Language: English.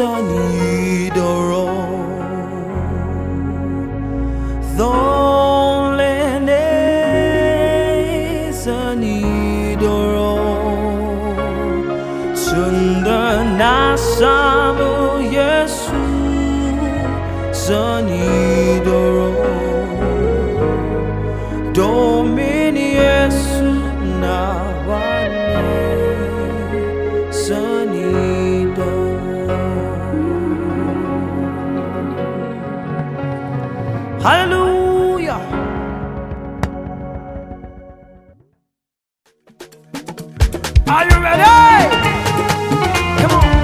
sunny Doro. Thornlene sunny Doro. Sunda nasamu Yesu sunny Hallelujah. Are you ready? Come on.